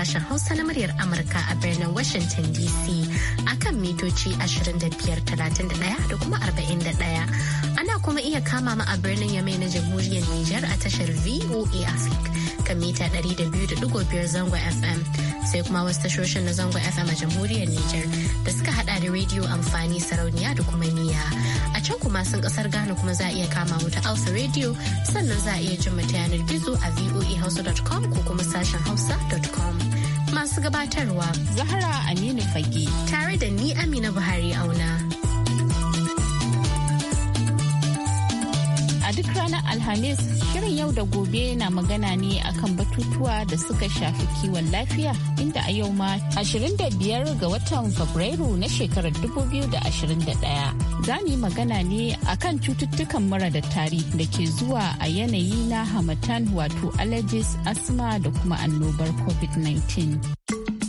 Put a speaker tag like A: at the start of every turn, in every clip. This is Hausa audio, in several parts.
A: sashen Hausa na muryar Amurka a birnin Washington DC a kan mitoci 2531 da kuma 41. Ana kuma iya kama mu a birnin Yamai na Jamhuriyar Nijar a tashar VOA Africa kan mita 200.5 zango FM. Sai kuma wasu tashoshin na zango FM a Jamhuriyar Nijar da suka hada da rediyo amfani sarauniya da kuma niya. A can kuma sun kasar Ghana kuma za a iya kama mu ta Hausa Radio sannan za a iya jin mu ta yanar gizo a voahausa.com ko kuma sashen hausa.com. Masu gabatarwa Zahra Aminu Fage tare da ni Amina Buhari auna.
B: ranar Alhamis, shirin yau da gobe na magana ne akan batutuwa da suka shafi kiwon lafiya inda a yau ma 25 ga watan Fabrairu na shekarar 2021. Za mu yi magana ne akan cututtukan mara da tari da ke zuwa a yanayi na hamatan wato allergies, asma da kuma annobar COVID-19.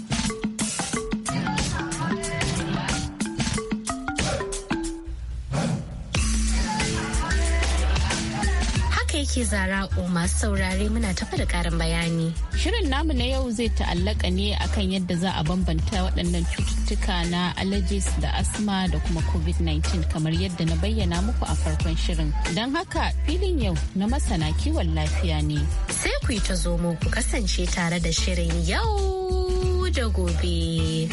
A: da yake zara'u masu saurare muna tafa da karin bayani. Shirin namu na yau
B: zai ta'allaka ne akan yadda za a bambanta waɗannan cututtuka na allergies da asma da kuma covid-19 kamar yadda na bayyana muku a farkon shirin. Don haka filin
A: yau na masana kiwon lafiya ne. Sai ku yi ta zomo ku kasance tare da shirin yau da gobe.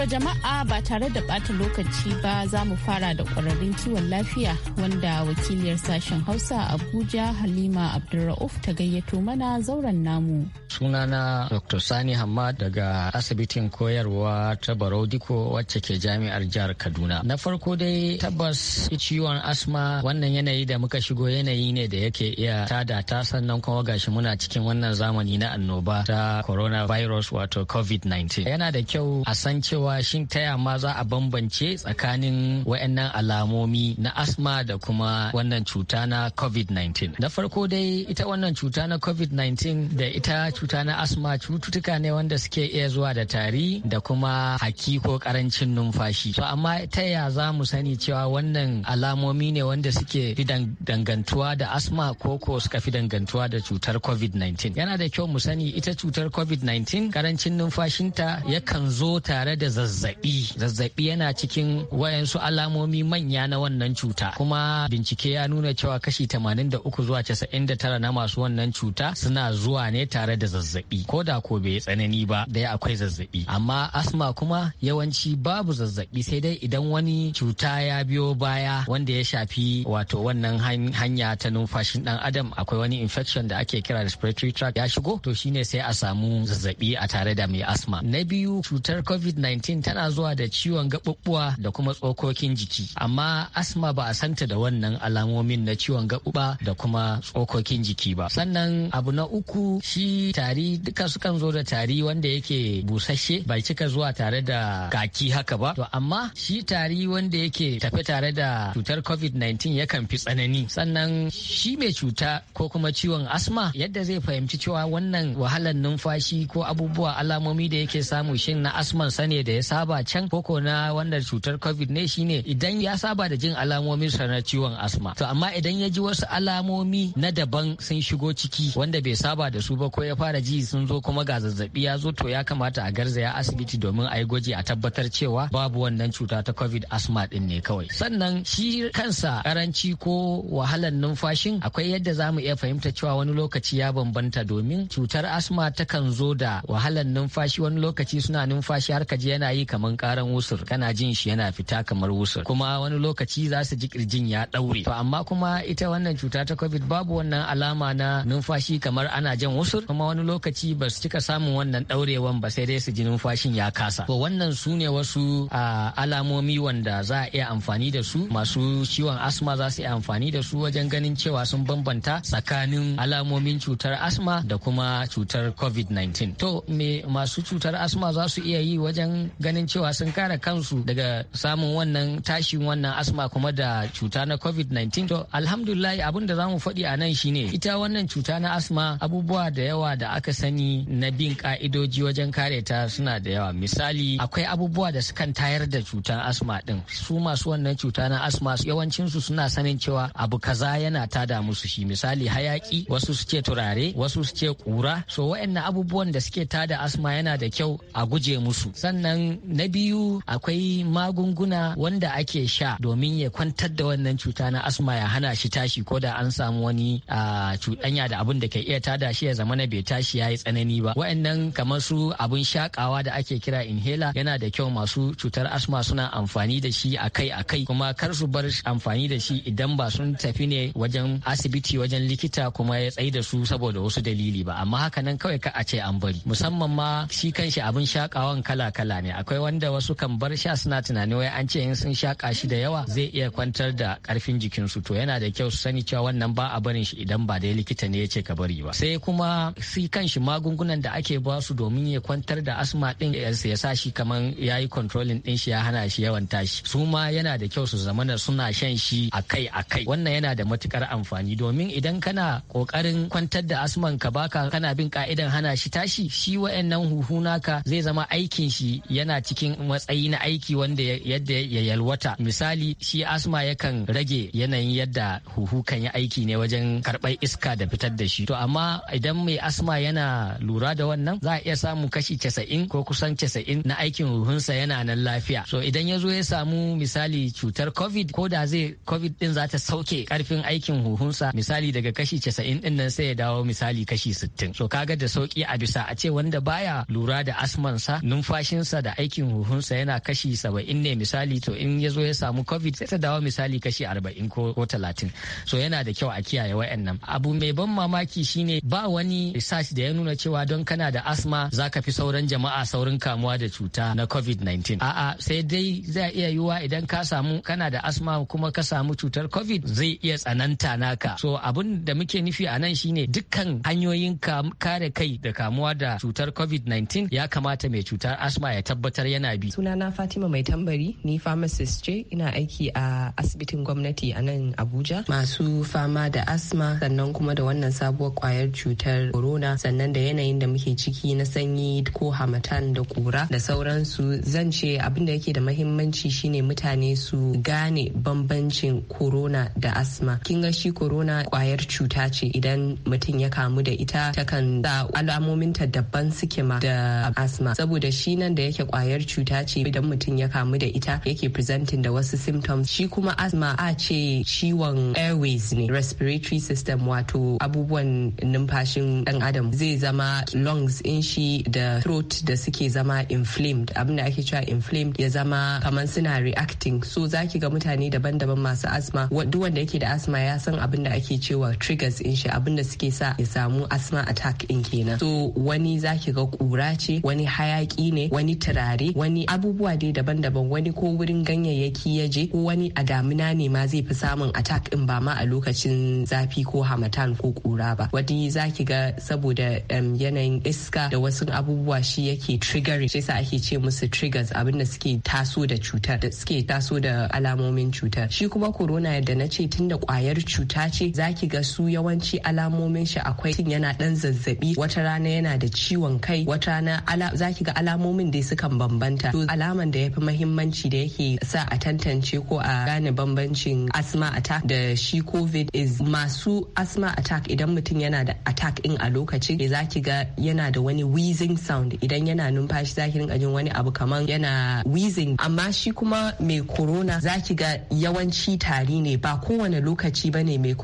B: To jama'a ba tare da ɓata lokaci ba za mu fara da kwararrun kiwon lafiya wanda wakiliyar sashen Hausa Abuja Halima Abdulra'uf ta gayyato mana zauren namu.
C: Sunana Dr. Sani Hamad daga asibitin koyarwa ta Barau Diko wacce ke jami'ar jihar Kaduna. Na farko dai tabbas ciwon asma wannan yanayi da muka shigo yanayi ne da yake iya tada ta sannan kuma gashi muna cikin wannan zamani na annoba ta coronavirus wato COVID-19. Yana da kyau a san cewa cewa shin ta ma za a bambance tsakanin wayannan alamomi na asma da kuma wannan cuta na covid-19 na farko dai ita wannan cuta na covid-19 da ita cuta na asma cututtuka ne wanda suke iya zuwa da tari da kuma haki ko karancin numfashi to amma ta ya za mu sani cewa wannan alamomi ne wanda suke fi dangantuwa da asma ko ko suka fi dangantuwa da cutar covid-19 yana da kyau mu sani ita cutar covid-19 karancin numfashinta yakan zo tare da zazzabi zazzabi yana cikin wayansu alamomi manya na wannan cuta kuma bincike ya nuna cewa kashi 83 zuwa 99 na masu wannan cuta suna zuwa ne tare da zazzabi ko da ko bai tsanani ba dai akwai zazzabi amma asma kuma yawanci babu zazzabi sai dai idan wani cuta ya biyo baya wanda ya shafi wato wannan hanya ta numfashin dan adam akwai wani infection da ake kira respiratory tract ya shigo to shine sai a samu zazzabi a tare da mai asma na biyu cutar covid-19 2016 tana zuwa da ciwon gaɓuɓɓuwa da kuma tsokokin jiki amma asma ba a santa da wannan alamomin na ciwon gaɓuɓa da kuma tsokokin jiki ba sannan abu na uku shi tari duka sukan zo da tari wanda yake busasshe bai cika zuwa tare da kaki haka ba to amma shi tari wanda yake tafe tare da cutar covid-19 yakan fi tsanani sannan shi mai cuta ko kuma ciwon asma yadda zai fahimci cewa wannan wahalar numfashi ko abubuwa alamomi da yake samu shin na asman sane da ya saba can koko na wanda cutar covid ne shine idan ya saba da jin alamomi na ciwon asma to amma idan ya ji wasu alamomi na daban sun shigo ciki wanda bai saba da su ba ko ya fara ji sun zo kuma ga zazzabi ya zo to ya kamata a garzaya asibiti domin a yi gwaji a tabbatar cewa babu wannan cuta ta covid asma din ne kawai sannan shi kansa karanci ko wahalan numfashin akwai yadda za mu iya fahimta cewa wani lokaci ya bambanta domin cutar asma takan zo da wahalan numfashi wani lokaci suna numfashi har kaji yana yi kamar karan wusur kana jin shi yana fita kamar wusur kuma wani lokaci za su ji kirjin ya daure to amma kuma ita wannan cuta ta covid babu wannan alama na numfashi kamar ana jan wusur kuma wani lokaci ba su cika samun wannan daurewan ba sai dai su ji numfashin ya kasa to wannan su ne wasu alamomi wanda za a iya amfani da su masu ciwon asma za su iya amfani da su wajen ganin cewa sun bambanta tsakanin alamomin cutar asma da kuma cutar covid-19 to me masu cutar asma za su iya yi wajen ganin cewa sun kare kansu daga samun wannan tashin wannan asma kuma da cuta na covid-19 to alhamdulillah abin da zamu faɗi a nan shine ita wannan cuta na asma abubuwa da yawa da aka sani na bin ka'idoji wajen kare ta suna da yawa misali akwai abubuwa da sukan tayar da cutar asma din su masu wannan cuta na asma yawancin su suna sanin cewa abu kaza yana tada musu shi misali hayaki wasu suke turare wasu suke kura so waɗannan abubuwan da suke tada asma yana da kyau a guje musu sannan sannan na biyu akwai magunguna wanda ake sha domin ya kwantar da wannan cuta na asma ya hana shi tashi ko da an samu wani cuɗanya da abin da ke iya tada shi ya zama na bai tashi ya yi tsanani ba wa'annan kamar su abin shakawa da ake kira inhaler yana da kyau masu cutar asma suna amfani da shi akai akai kuma kar su bar amfani da shi idan ba sun tafi ne wajen asibiti wajen likita kuma ya tsayi da su saboda wasu dalili ba amma hakanan kawai ka a ce an bari musamman ma shi kanshi abin shakawan kala kala ne ne akwai wanda wasu kan bar sha suna tunani wai an ce in sun shaƙa shi da yawa zai iya kwantar da karfin jikinsu to yana da kyau su sani cewa wannan ba a barin shi idan ba dai likita ne ya ce ka bari ba sai kuma si kan shi magungunan da ake ba su domin ya kwantar da asma din ya sa shi kaman ya yi controlling din shi ya hana shi yawan tashi su ma yana da kyau su zamana suna shan shi akai akai wannan yana da matukar amfani domin idan kana kokarin kwantar da asman ka baka kana bin ka'idan hana shi tashi shi wa'annan huhu naka zai zama aikin shi yana cikin matsayi na aiki wanda yadda ya yalwata misali shi asma yakan rage yanayin yadda huhu kan yi aiki ne wajen karɓar iska da fitar da shi to amma idan mai asma yana lura da wannan za a iya samun kashi casa'in ko kusan casa'in na aikin huhunsa yana nan lafiya so idan ya zo ya samu misali cutar covid ko da zai covid din za ta sauke karfin aikin huhunsa misali daga kashi casa'in din nan sai ya dawo misali kashi sittin so kaga da sauki a bisa a ce wanda baya lura da asmansa numfashinsa da da aikin huhunsa yana kashi saba'in ne misali to in ya zo ya samu covid sai ta dawo misali kashi arba'in ko talatin so yana da kyau a kiyaye wa'annan abu mai ban mamaki shine ba wani research da ya nuna cewa don kana da asma za ka fi sauran jama'a saurin kamuwa da cuta na covid-19 a'a sai dai zai iya yiwuwa idan ka samu kana da asma kuma ka samu cutar covid zai iya tsananta naka so abun da muke nufi a nan shine dukkan hanyoyin kare kai da kamuwa da cutar covid-19 ya kamata mai cutar asma ya tabbatar tabbatar yana bi. Sunana Fatima Mai Tambari, ni pharmacist ce ina aiki a asibitin gwamnati
D: a nan Abuja. Masu fama da asma sannan kuma da wannan sabuwar kwayar cutar corona sannan da yanayin da muke ciki na sanyi ko hamatan da kura da sauransu zan ce abin da yake da mahimmanci shine mutane su gane bambancin corona da asma. Kin ga shi corona kwayar cuta ce idan mutum ya kamu da ita takan da alamominta daban suke ma da asma saboda shi nan da yake kwayar cuta ce idan mutum ya kamu da ita yake presenting da wasu symptoms shi kuma asma a ce ciwon airways ne respiratory system wato abubuwan numfashin dan adam zai zama lungs in shi da throat da suke zama inflamed abin da ake cewa inflamed ya zama kamar suna reacting so zaki ga mutane daban-daban masu asma duk wanda yake da asma ya san abinda ake cewa triggers in shi abinda suke sa ya samu asma attack in kenan so wani zaki ga kura ce wani hayaki ne wani tara turare wani abubuwa dai daban-daban wani ko wurin ganyayyaki ya je ko wani a damina ne ma zai fi samun attack in ba ma a lokacin zafi ko hamatan ko kura ba wani zaki ga saboda yanayin iska da wasu abubuwa shi yake trigger shi yasa ake ce musu triggers abin da suke taso da cutar da suke taso da alamomin cutar shi kuma corona yadda na ce tunda kwayar cuta ce zaki ga su yawanci alamomin shi akwai tun yana dan zazzabi wata rana yana da ciwon kai wata rana zaki ga alamomin dai suka kan bambanta to alaman da ya fi mahimmanci da yake sa a tantance ko a gane bambancin asma attack da shi covid is masu asma attack idan mutum yana da attack in a lokacin eh, za ki ga yana da wani wheezing sound idan yana numfashi za ki rinka jin wani abu kamar yana wheezing amma shi kuma mai corona za ki ga yawanci tari ne ba kowane lokaci ba ne mai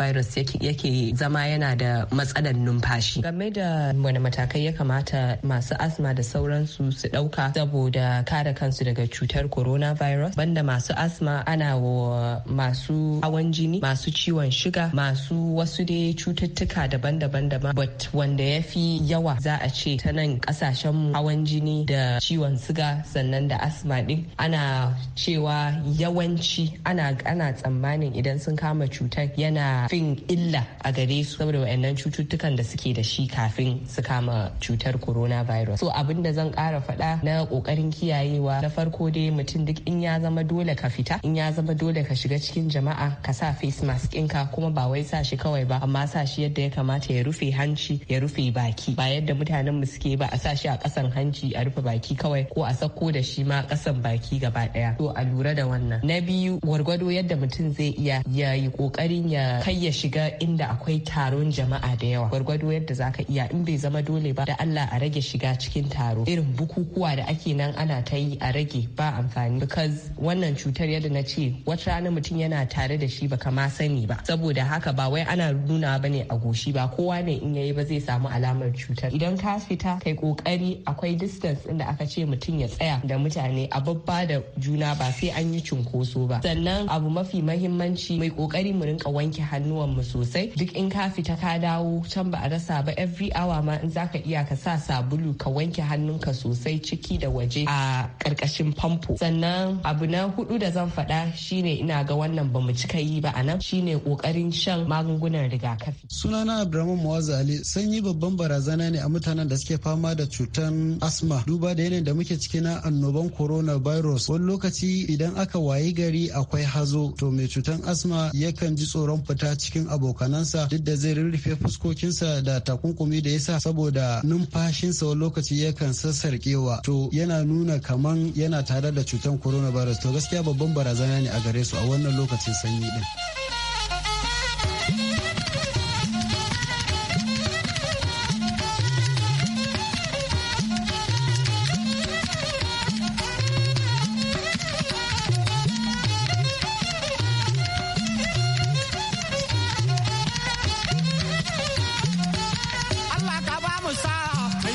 D: virus yake zama yana da matsalar numfashi game da wani matakai ya kamata masu asma da sauransu su ɗau ɗauka saboda kare kansu daga cutar coronavirus banda masu asma ana wa masu hawan jini masu ciwon shiga masu wasu dai cututtuka daban-daban daban but wanda ya fi yawa za a ce ta nan kasashen hawan jini da ciwon siga sannan da asma ɗin ana cewa yawanci ana ana tsammanin idan sun kama cutar yana fin illa a gare su saboda wayannan cututtukan da suke da shi kafin su kama cutar corona virus. so abin da zan ƙara faɗa na kokarin kiyayewa na farko dai mutum duk in ya zama dole ka fita in ya zama dole ka shiga cikin jama'a ka sa face mask ɗinka kuma ba wai sa shi kawai ba amma sa shi yadda ya kamata ya rufe hanci ya rufe baki ba yadda mutanen mu suke ba a sa shi a kasan hanci a rufe baki kawai ko a sako da shi ma kasan baki gaba daya. to a lura da wannan na biyu gwargwado yadda mutum zai iya ya yi kokarin ya kai ya shiga inda akwai taron jama'a da yawa gwargwado yadda zaka iya in bai zama dole ba da Allah a rage shiga cikin taro irin bukukuwa abubuwa da ake nan ana ta yi a rage ba amfani because wannan cutar yadda na ce wata rana mutum yana tare da shi baka ma sani ba saboda haka ba wai ana nuna ba ne a goshi ba kowa ne in yayi ba zai samu alamar cutar idan ka fita kai kokari akwai distance inda aka ce mutum ya tsaya da mutane a babba da juna ba sai an yi cunkoso ba sannan abu mafi mahimmanci mai kokari mu rinka wanke hannuwan mu sosai duk in ka fita ka dawo can ba a rasa ba every hour ma in zaka iya ka sa sabulu ka wanke hannunka sosai ciki da waje a ƙarƙashin famfo sannan abu na hudu da zan faɗa shine ina ga wannan bamu cika yi ba anan shine kokarin shan magungunan rigakafi
E: sunana abdulrahman muwazza ali sanyi babban barazana ne a mutanen da suke fama da cutan asma duba da yanayin da muke ciki na annoban coronavirus wani lokaci idan aka wayi gari akwai hazo to mai cutan asma yakan ji tsoron fita cikin abokanansa duk da zai rurrufe fuskokinsa da takunkumi da yasa saboda numfashinsa wani lokaci yakan sassarkewa to yana nuna kaman yana tare da cutar coronavirus to gaskiya babban barazana ne a gare su a wannan lokacin sanyi din.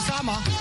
E: sama.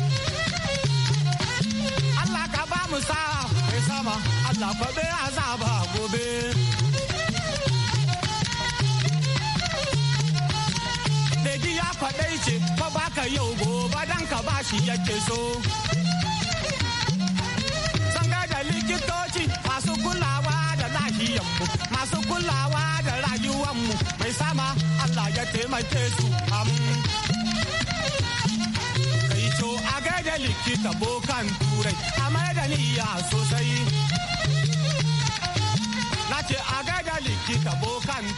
E: mu sa mai sama Allah be azaba gobe. Deji ya faɗai ce fa baka yau ba dan ka ba shi yake so. Sanga da likitoci masu kulawa da lahiyanmu masu kulawa da mu mai sama Allah ya taimake su amin. turai a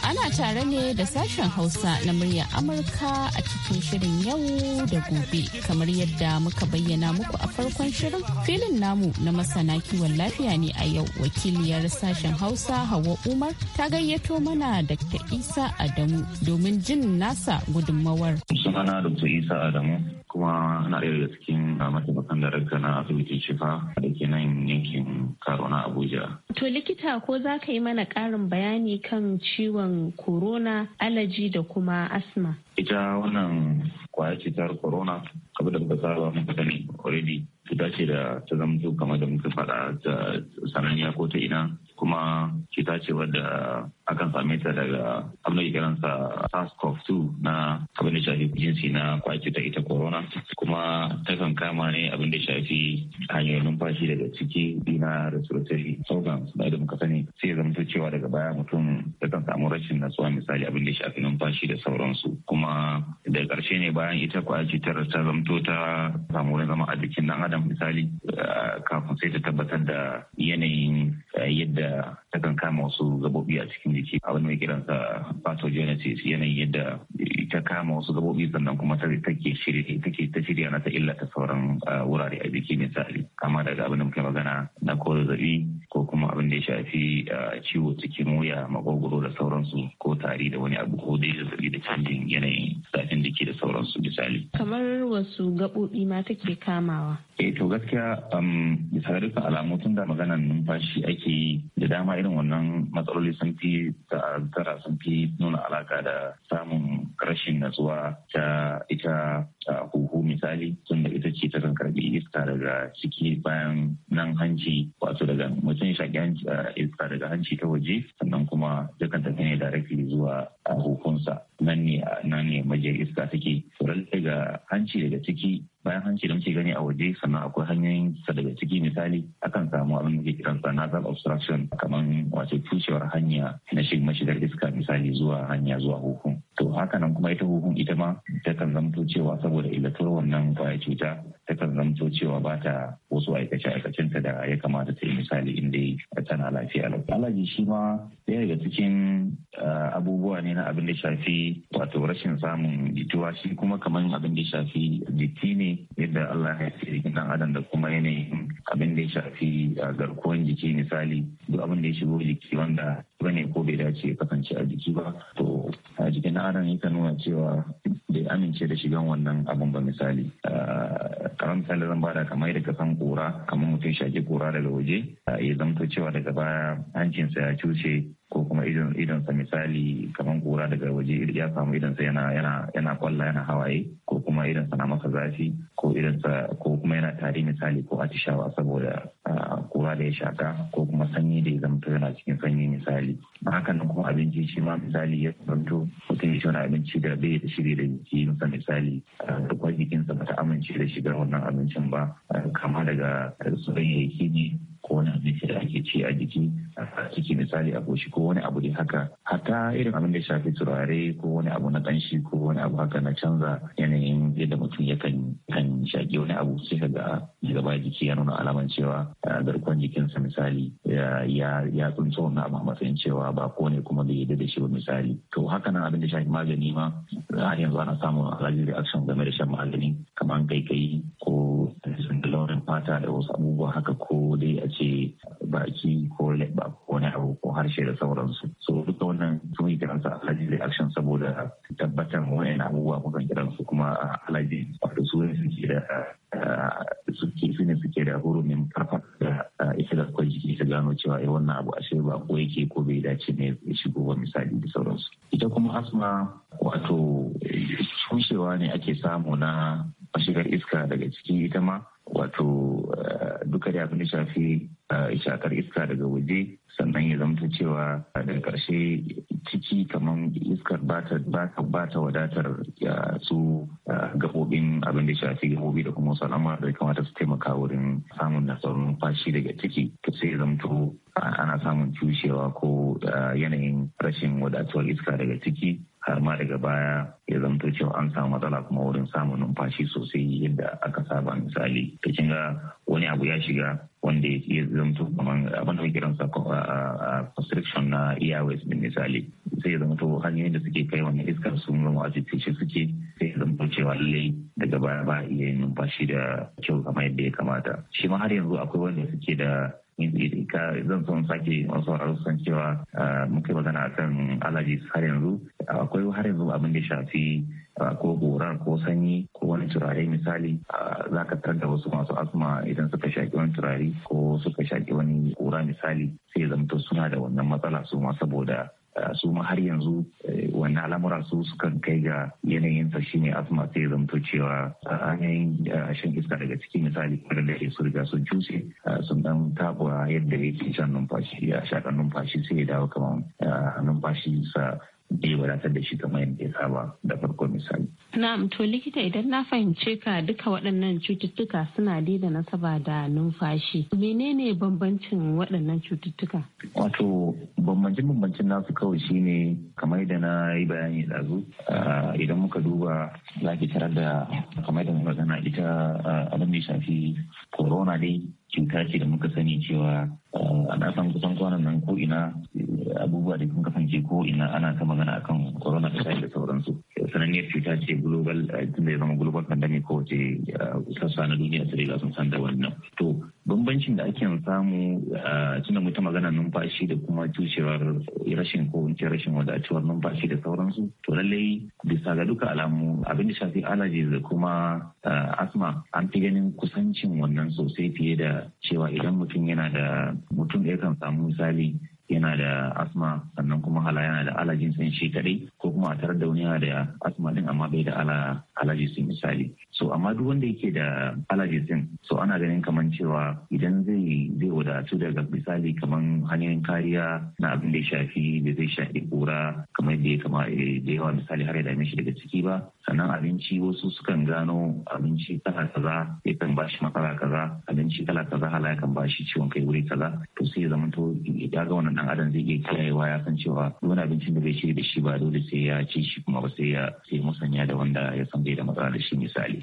B: Ana tare ne da sashen Hausa na muryar Amurka a cikin shirin yau da gobe kamar yadda muka bayyana muku a farkon shirin filin namu na masana kiwon lafiya ne a yau wakiliyar sashen Hausa Hawa Umar ta gayyato mana Dr. Isa Adamu domin jin nasa gudunmawar.
F: Sunana Dr. Isa Adamu kuma na ɗaya daga cikin ah, mataimakan darakta na asibitin shifa da ke nan yankin karo na abuja
G: to likita ko za ka yi mana ƙarin bayani kan ciwon corona alaji da kuma asma
F: ita wannan kwayar cutar corona abin da muka saba muka sani already cuta ce da ta zamto kamar da muka faɗa ta sananniya ko ta ina kuma cuta ce wadda akan same ta daga abin da kiransa SARS-CoV-2 na abin da shafi jinsi na kwaki ta ita corona kuma takan kama ne abin da shafi hanyoyin numfashi daga ciki na respiratory organs da da muka sani sai zama cewa daga baya mutum takan samu rashin natsuwa misali abin da shafi numfashi da sauransu kuma da ƙarshe ne bayan ita kwaki ta zamto ta samu wani zama a jikin ɗan adam misali eh, kafin sai ta tabbatar da yanayin eh, yadda takan kama wasu gabobi a cikin jiki a wani mai kiransa pathogenesis yanayin yadda ta kama wasu gabobi sannan kuma ta take shirye take ta shirya na ta illa ta sauran ah, wurare a jiki misali kama daga abin da muke magana na ko zazzabi ko kuma abin da ya shafi ah, ciwo cikin wuya makogoro da sauransu ko tari da wani abu ko dai zazzabi da canjin yanayin zafin jiki da sauransu misali
G: kamar wasu gabobi ma take kamawa
F: eh to gaskiya bisa dukkan alamu tun da maganar numfashi ake yi da dama irin wannan matsaloli sun fi tara sun fi nuna alaka da samun rashin natsuwa ta ita a huhu misali tunda ita ce ta karbi iska daga ciki bayan nan hanci wato daga mutum shaƙi iska daga hanci ta waje sannan kuma dukkan tafi ne directly zuwa a huhunsa nan ne nan ne majiyar iska take tsoron daga hanci daga ciki bayan hanci da muke gani a waje sannan akwai hanyoyin sa daga ciki misali akan samu abin da ke kiran sa nasal obstruction kamar wace cushewar hanya na shigar mashigar iska misali zuwa hanya zuwa huhu to haka nan kuma ita huhun ita ma takan zamto cewa saboda illatuwar wannan kwaya cuta takan zamto cewa ba ta wasu aikace aikacinta da ya kamata ta yi misali in inda tana lafiya lau alaji shi ma ɗaya daga cikin eh, abubuwa ne na abin da shafi wato rashin samun jituwa shi kuma kamar abin da shafi jiki ne yadda Allah ya fi jikin dan adam da kuma yanayin abin da shafi eh, garkuwan jiki misali duk abin da ya shigo jiki wanda bane ko bai dace ya kasance a jiki ba to a jikin aran yakan nuna cewa bai amince da shigan wannan abun ba misali ah, kamar misali zan bada kamar da kasan kura kamar mutum shaƙi kura daga waje iya ah, zamto cewa daga baya hancinsa ya cuce ko kuma idonsa misali kamar kura daga waje ya samu idonsa yana yana kwalla yana hawaye ko kuma idonsa na masa zafi ko ko kuma yana tari misali ko atishawa saboda kura da ya shaka ko kuma sanyi da ya zamto yana cikin sanyi misali hakan kuma abinci shi ma misali ya zamto mutum ya shauna abinci da bai da shirya da jikinsa misali Duk wani jikinsa ba ta amince da shigar wannan abincin ba kama daga soyayyaki ne ko wani abinci da ake ci a jiki a ciki misali a goshi ko wani abu da haka hatta irin abin da shafi turare ko wani abu na ƙanshi ko wani abu haka na canza yanayin yadda mutum yakan kan shaƙi wani abu sai ka ga gaba jiki ya nuna alaman cewa garkuwan jikinsa misali ya tsunsa wani abu a matsayin cewa ba ko ne kuma bai yadda da shi ba misali to haka nan abin da shafi magani ma a yanzu ana samun allergy reaction game da shan magani kamar kai kai ko sun da launin fata da wasu abubuwa haka ko dai a ce baki ko leba ko wani abu ko harshe da sauransu so duka wannan sun yi kiransa alhaji reaction saboda tabbatar wa'in abubuwa kukan kiransu kuma ah, alhaji wato su ne suke da ah, suke su ne suke da hurumin farfar da ah, ita da kwai jiki ta gano cewa ai eh, wannan abu shi ba ko yake ko bai dace ne ya shigo ba misali da sauransu ita kuma asma wato cushewa eh, ne ake samu na mashigar iska daga cikin ita ma wato eh, duka da abin da shafi eh, shakar iska daga waje sannan ya zamta cewa eh, daga karshe ciki kamar iskar ba ta wadatar su gabobin abin da shafi gabobi da kuma wasu al'amura da kamata su taimaka wurin samun nasarar numfashi daga ciki to sai ya zamto ana samun cushewa ko yanayin rashin wadatuwar iska daga ciki har ma daga baya ya zanto cewa an samu matsala kuma wurin samun numfashi sosai yadda aka saba misali ta wani abu ya shiga wanda ya zamto kamar abin da muke kiransa constriction na airways din misali sai ya zanto hanyoyin da suke kai wannan iskar sun zama a cikin suke sai ya zanto cewa lallai daga baya ba iya yin numfashi da kyau kamar yadda ya kamata shi ma har yanzu akwai wanda suke da zan son sake wasu sauraro san cewa ah, muke magana akan alaji har yanzu akwai har yanzu abin da shafi ah, ko gorar ko sanyi ko wani turare misali ah, za ka tarar da wasu masu asma idan suka shaƙi wani turare ko suka shaƙi wani gora misali sai zamto suna da wannan matsala su ma saboda Eh, su ma har yanzu eh, wani al'amura su sukan kai ga yanayin sa shine asma sai zamto cewa hanyoyin eh, shan iska daga ciki misali da ke su riga sun cuse sun dan tabuwa yadda yake shan numfashi a shakan numfashi sai ya dawo kamar numfashi sa bai wadatar da shi kamar yadda ya saba da farko misali.
G: Na'am to likita idan na fahimce ka duka waɗannan cututtuka suna da nasaba da numfashi. Menene bambancin waɗannan cututtuka?
F: Wato bambancin bambancin nasu kawai shine kamar yadda na yi bayani ɗazu ah, idan muka duba za ki tarar da kamar yadda na magana ita ah, abin da ya shafi corona dai cin ce da muka sani cewa eh, a nasan kusan kwanan nan ko ina eh, abubuwa da kun kasance ko ina ana ta magana akan corona ta da sauransu sananniyar cuta ce global eh, tun da ya zama global pandemic ko ce sassa na duniya su riga sun san da wannan to bambancin da ake samu tunda mu ta magana numfashi da kuma tushewar rashin ko in rashin wadatuwar numfashi da sauransu to lallai bisa ga duka alamu abin da shafi allergies da kuma asma an fi ganin kusancin wannan sosai fiye da cewa idan mutum yana da mutum ya kan samu misali yana da asma sannan kuma hala yana da alajin sun shi kadai ko kuma a tarar da wani yana da asma din amma bai da ala alaji misali so amma duk wanda yake da alaji sun so ana ganin kaman cewa idan zai zai wadatu daga misali kamar hanyoyin kariya na abin da ya shafi da zai shafi kura kamar da ya kama eh, da yawa misali har ya dame shi daga ciki ba sannan abinci wasu sukan gano abinci kala kaza yakan ba shi matsala kaza abinci kala kaza hala yakan ba shi ciwon kai wuri kaza to sai ya zama to ya ga wannan kowane dan adam zai iya kiyayewa ya san cewa wani abincin da bai ci da shi ba dole sai ya ci shi kuma ba sai ya sai musanya da wanda ya san bai da matsala da shi misali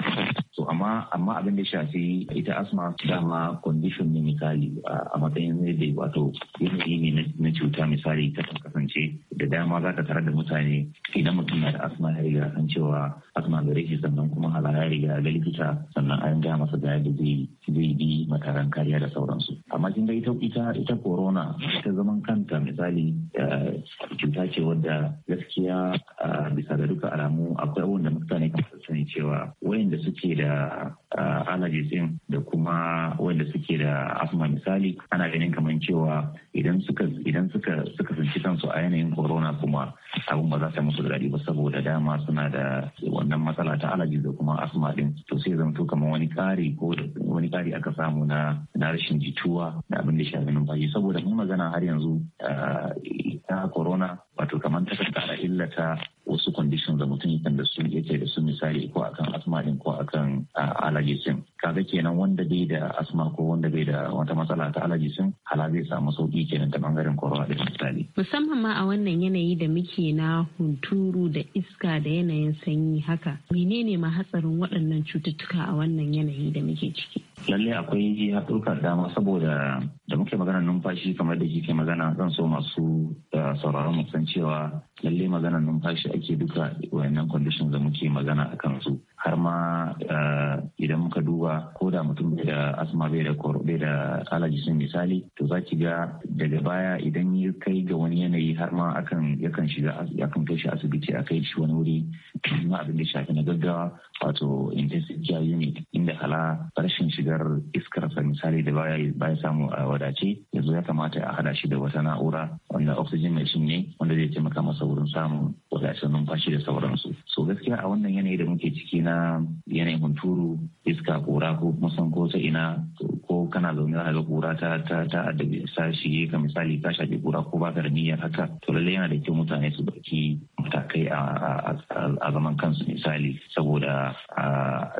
F: to amma amma abin da shafi ita asma dama condition ne misali a matsayin zai wato yanayi ne na cuta misali ta kasance da dama za ka tare da mutane idan mutum na da asma ya riga san cewa asma gare shi sannan kuma hala ya riga ga likita sannan an gaya masa da yadda zai zai bi makaran kariya da sauransu amma kin ga ita ita ita corona ta zaman kanta misali eh, cuta ce wadda gaskiya eh, bisa da duka alamu akwai abubuwan da mutane kan sani cewa wayanda suke da Uh, allergies din da kuma wanda suke da asma misali ana ganin kamar cewa idan suka idan suka suka tsinci kansu a yanayin corona kuma abin ba za ta musu daɗi ba saboda dama suna da wannan matsala ta allergies da kuma asma din to sai zanto kamar wani kari ko wani kari aka samu na na rashin jituwa da abin da shafi numfashi saboda mun magana har yanzu uh, ta corona wato kamar ta kara illata wasu conditions da mutum yakan da su yake da su misali ko akan asma din ko akan ah, allergies din kaga kenan wanda bai da asma ko wanda bai da wata matsala ta allergies hala zai samu sauki kenan ta bangaren corona din misali
G: musamman ma a wannan yanayi da muke na hunturu da iska da yanayin sanyi haka menene ma waɗannan cututtuka a wannan yanayi da muke ciki
F: lallai akwai haɗurkar dama saboda da muke magana numfashi kamar da kike magana zan so masu eh, sauraron mu cewa lallai magana numfashi ake duka wayannan conditions da muke magana a kansu har ma eh, idan muka duba ko da mutum bai da asma bai da bai da alaji sun misali to za ki ga daga baya idan ya kai ga wani yanayi har ma akan yakan shiga yakan kai shi asibiti a kai shi wani wuri na abin da shafi na gaggawa wato intensive care unit inda hala rashin shigar iskar misali da baya baya samu a wadace yanzu ya kamata a hada shi da wata na'ura wanda oxygen machine ne wanda zai taimaka masa wurin samun wadatar numfashi da sauransu so gaskiya a wannan yanayi da muke ciki na yanayin hunturu iska kora ko kuma musan ko ta ina kana zaune za ga kura ta ta ta addabi sa shige ka misali ka shafi kura ko ka da niyyar haka to lallai yana da kyau mutane su ɗauki matakai a zaman kansu misali saboda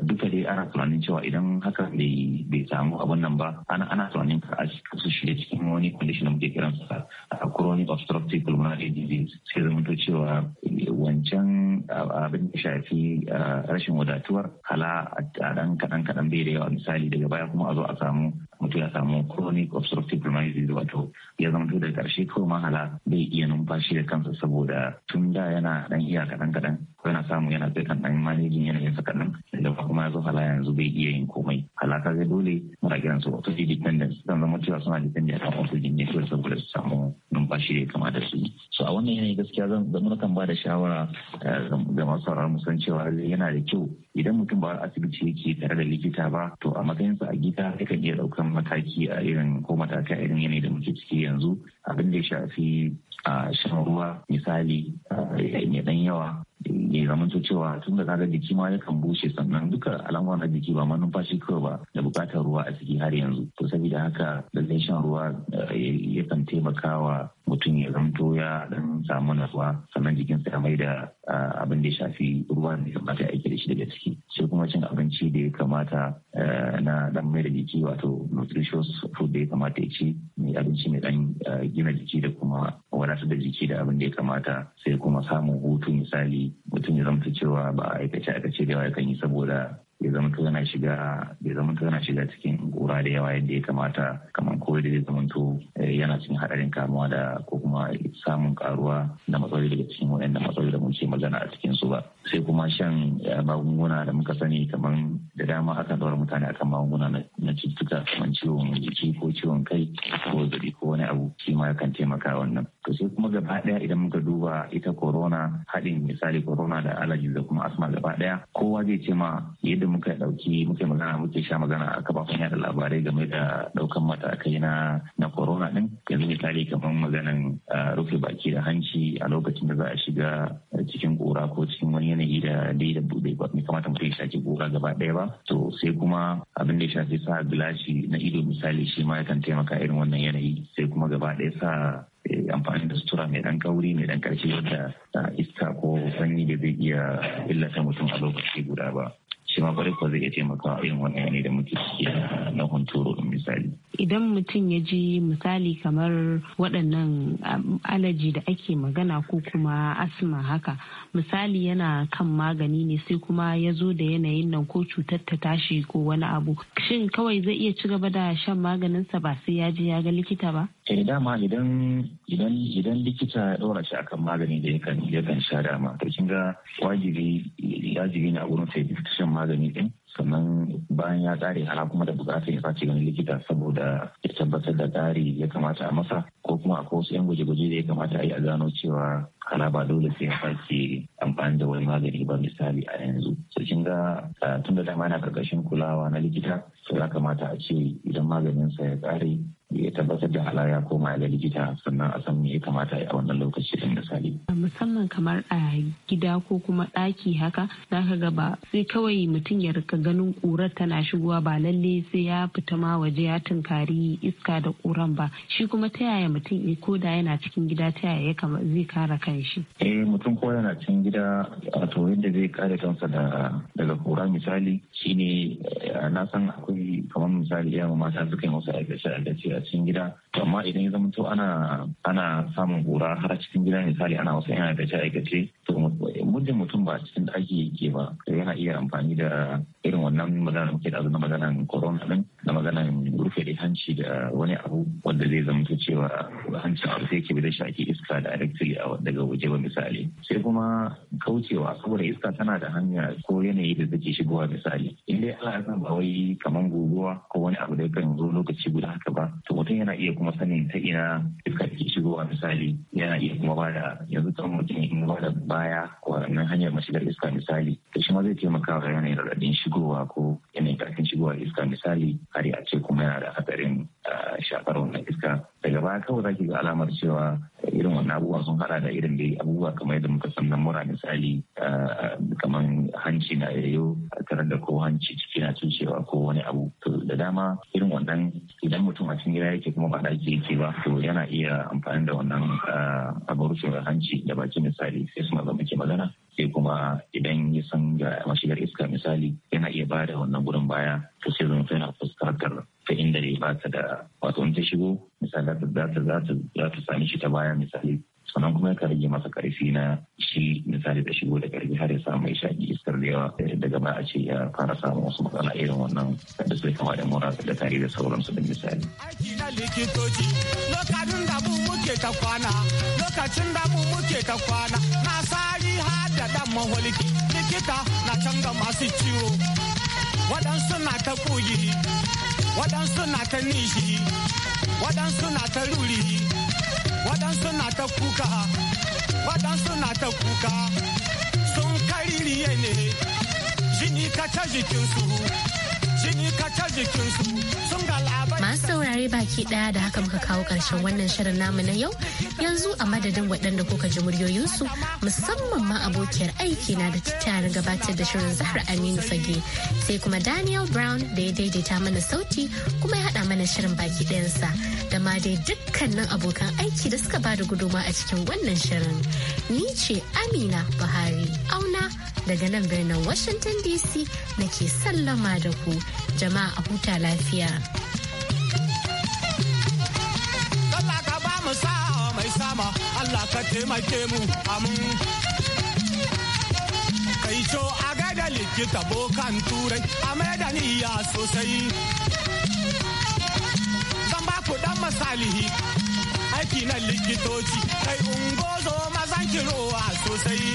F: duka dai ana tunanin cewa idan haka bai samu abin nan ba ana tunanin ka a su shirya cikin wani condition da muke kiran sa chronic obstructive pulmonary disease sai to cewa wancan abin da shafi rashin wadatuwar kala a dan kaɗan kaɗan bai da yawa misali daga baya kuma a zo a samu mutum ya samu chronic obstructive pulmonary wato ya zama da karshe kawai mahala bai iya numfashi da kansa saboda tun da yana dan iya kaɗan kaɗan ko yana samu yana sai kan dan manajin yanayin sa kaɗan da kuma ya zo hala yanzu bai iya yin komai halaka zai dole mara muna su wato dependence zan zama cewa suna dependent on autogen ne saboda su samu numfashi ya kama kamata su so a wannan yanayi gaskiya zan zama kan ba da shawara eh, ga masu sauraron musan cewa yana da kyau idan mutum ba asibiti yake tare da likita ba to a matsayinsa a gida kan iya daukan mataki a irin ko mataki a irin yanayi da muke ciki yanzu abin da ya shafi a ah, shan ruwa misali ah, ya dan yawa ya zama cewa tun da kaga jiki ma yakan bushe sannan duka alamuwa na jiki ba manumfashi kawai ba da bukatar ruwa a ciki har yanzu to saboda haka lallai shan ruwa eh, yakan taimakawa mutum ya zamto ya dan samu natsuwa sannan jikinsa ya mai da abin da ya shafi ruwan da ya kamata aiki da shi daga ciki sai kuma cin abinci da ya kamata na dan mai da jiki wato nutritious food da ya kamata ya ci mai abinci mai dan gina jiki da kuma wadatar da jiki da abin da ya kamata sai kuma samun hutu misali mutum ya zamta cewa ba a aikace aikace da yawa yakan yi saboda ya zama ta yana shiga ya zama yana shiga cikin kura da yawa yadda ya kamata kamar ko da zai zama eh, yana cikin haɗarin kamuwa da ko kuma samun karuwa da matsaloli daga cikin da matsaloli da mun ce magana a cikin su ba sai kuma shan eh, magunguna da muka sani kamar da dama akan ɗaura mutane akan magunguna na cututtuka kamar ciwon jiki ko ciwon kai ko zabi ko wani abu shi ma yakan taimaka wannan to sai kuma gaba daya idan muka duba ita corona haɗin misali corona da allergy da kuma asma gaba daya kowa zai ce ma yadda muka dauki muke magana muke sha magana a kafafen yada labarai game da daukan matakai na na corona din yanzu misali kamar maganan rufe baki da hanci a lokacin da za a shiga cikin kura ko cikin wani yanayi da dai da ba mai kamata mutum ya shaki kura gaba daya ba to sai kuma abin da ya shafi sa gilashi na ido misali shi ma yakan taimaka irin wannan yanayi sai kuma gaba daya sa Eh, amfani da sutura mai dan kauri mai dan karfi wadda iska ko sanyi da zai iya illata mutum a lokaci guda ba shi ma kwarai kwa zai iya taimakawa irin wannan yanayi da muke ciki na hunturu misali.
G: Idan mutum ya ji misali kamar waɗannan um, alaji da ake magana ko kuma asma haka misali yana kan magani ne sai kuma ya zo da yanayin nan ko cutar ta tashi ko wani abu shin kawai zai iya ci gaba da shan maganinsa ba sai ya je ya ga likita ba?
F: eh dama idan idan idan likita ya dora shi akan magani da yakan yakan sha dama to kin ga wajibi wajibi na gurin sai magani din sannan bayan ya tsare hala kuma da bukatar ya sace ganin likita saboda ya tabbatar da tsari ya kamata a masa ko kuma akwai wasu yan guje-guje da ya kamata a yi a gano cewa hala ba dole sai ya sake amfani da wani magani ba misali a yanzu to kin ga tun da dama yana karkashin kulawa na likita to ya kamata a ce idan maganinsa ya tsare ya tabbatar da hala ya koma likita sannan a san me ya kamata a wannan lokaci din misali
G: musamman kamar a gida ko kuma ɗaki haka na ka gaba sai kawai mutum ya rika ganin ƙurar tana shigowa ba lalle sai ya fita ma waje ya tunkari iska da ƙuran ba shi kuma ta yaya mutum ya koda yana cikin gida ta yaya ya kama zai kare kanshi
F: eh mutum ko yana cikin gida to yadda zai kare kansa daga ƙura misali shine eh, na san akwai kamar misali yawan mata suka yi wasu aikace aikace a cikin gida amma idan ya zama to ana ana samun kura har cikin gida misali ana wasu yana da aikace to muddin mutum ba cikin ɗaki yake ba to yana iya amfani da irin wannan magana muke da na maganan corona din na maganan rufe da hanci da wani abu wanda zai zama to cewa hancin abu sai yake bai shaki iska da electric daga waje ba misali sai kuma kaucewa saboda iska tana da hanya ko yanayi da take shigowa misali in dai ana san ba wai kaman guguwa ko wani abu da kan zo lokaci guda haka ba to mutum yana iya kuma sanin ta ina iska take shigowa misali yana iya kuma ba da yanzu kan mutum in ba da baya ko wannan hanyar mashigar iska misali to shi ma zai taimaka wa yanayin raɗaɗin shigowa ko yanayin ƙarfin shigowa iska misali har a ce kuma yana da hatsarin shakar wannan iska daga baya kawai zaki ga alamar cewa irin wannan abubuwa sun hada da irin dai abubuwa kamar yadda muka san nan mura misali kamar hanci na yayo tare da ko hanci ciki na cucewa ko wani abu to da dama irin wannan idan mutum a cikin gida yake kuma ba daki yake ba to yana iya amfani da wannan abu rufe hanci da baki misali sai suna zama ke magana sai kuma idan ya san ga mashigar iska misali yana iya ba da wannan gudun baya to sai zan yana fuskantar ta inda ne ba ta da wato in ta shigo misali za ta za ta sami shi ta baya misali sannan kuma yaka rage masa karfi na shi misali da shigo da karfi har ya samu ya shaƙi iskar da yawa eh, daga ba a ce ya fara samun wasu matsala irin wannan da sai kama da mura da tare da sauransu da misali.
E: Aiki lokacin da mu muke ta kwana lokacin da mu muke ta kwana kan maholiki likita na canza masu ciwo waɗansu na ta kogi waɗansu na ta nishi waɗansu na ta ruri waɗansu na ta kuka waɗansu na ta kuka sun kaririye ne jini ka ta jikinsu jini ka ta jikinsu sun gala masu saurare
A: baki daya da haka muka kawo karshen wannan shirin namu na yau yanzu a madadin waɗanda kuka ji muryoyinsu musamman ma abokiyar aiki na da tattara gabatar da shirin zahra aminu fage sai kuma daniel brown da ya daidaita mana sauti kuma ya haɗa mana shirin baki ɗayansa da ma dai dukkanin abokan aiki da suka bada guduma a cikin wannan shirin ni ce amina buhari auna daga nan birnin washington dc nake sallama da ku jama'a a huta lafiya.
E: sama Allah ka taimake mu amin kai co a gaida likita bokan turai a mai da niyya sosai zan ba ku dan misali aiki na likitoci kai ungozo mazan kirowa sosai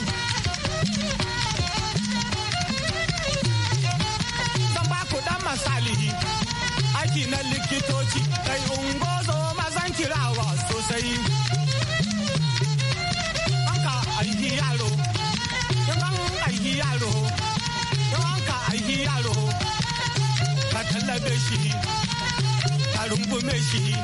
E: zan ba ku dan misali aiki na likitoci kai ungozo mazan kirawa sosai 爱农分的是。